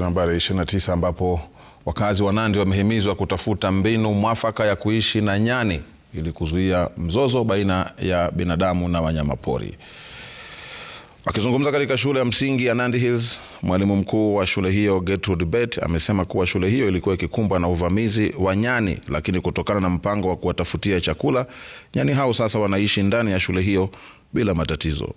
Nambari 29 ambapo wakazi wa Nandi wamehimizwa kutafuta mbinu mwafaka ya kuishi na nyani ili kuzuia mzozo baina ya binadamu na wanyamapori. Akizungumza katika shule ya msingi ya Nandi Hills, mwalimu mkuu wa shule hiyo Gertrude Bet amesema kuwa shule hiyo ilikuwa ikikumbwa na uvamizi wa nyani, lakini kutokana na mpango wa kuwatafutia chakula, nyani hao sasa wanaishi ndani ya shule hiyo bila matatizo.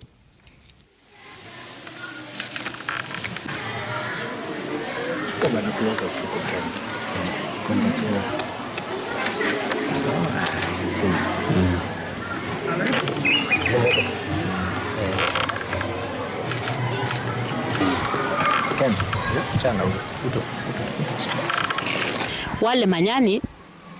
Wale manyani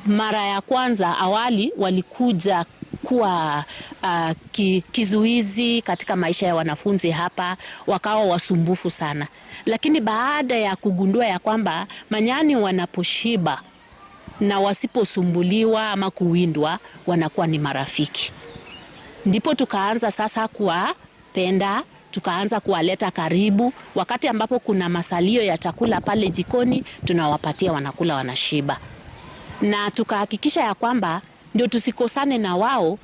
mara ya kwanza awali walikuja kuwa uh, ki, kizuizi katika maisha ya wanafunzi hapa, wakawa wasumbufu sana, lakini baada ya kugundua ya kwamba manyani wanaposhiba na wasiposumbuliwa ama kuwindwa wanakuwa ni marafiki, ndipo tukaanza sasa kuwapenda tukaanza kuwaleta karibu. Wakati ambapo kuna masalio ya chakula pale jikoni, tunawapatia wanakula, wanashiba, na tukahakikisha ya kwamba ndio tusikosane na wao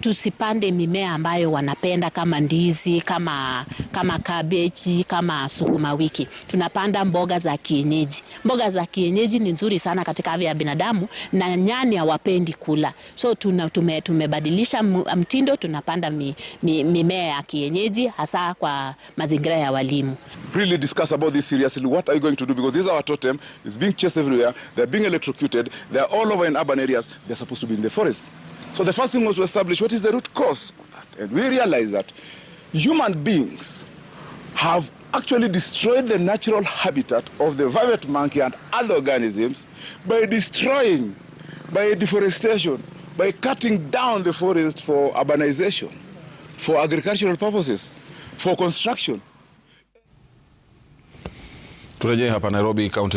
tusipande mimea ambayo wanapenda kama ndizi, kama kama kabeji, kama sukuma wiki. Tunapanda mboga za kienyeji. Mboga za kienyeji ni nzuri sana katika afya ya binadamu na nyani hawapendi kula. So tuna, tume, tumebadilisha mtindo, tunapanda mi, mi, mimea ya kienyeji hasa kwa mazingira ya walimu. Really discuss about this seriously. What are you going to do? Because these are our totem. It's being chased everywhere. They're being electrocuted. They're all over in urban areas. They're supposed to be in the forest. So the first thing was to establish What is the root cause of that? And we realize that human beings have actually destroyed the natural habitat of the vervet monkey and other organisms by destroying, by deforestation, by cutting down the forest for urbanization, for agricultural purposes, for construction. Turejee hapa Nairobi, kaunti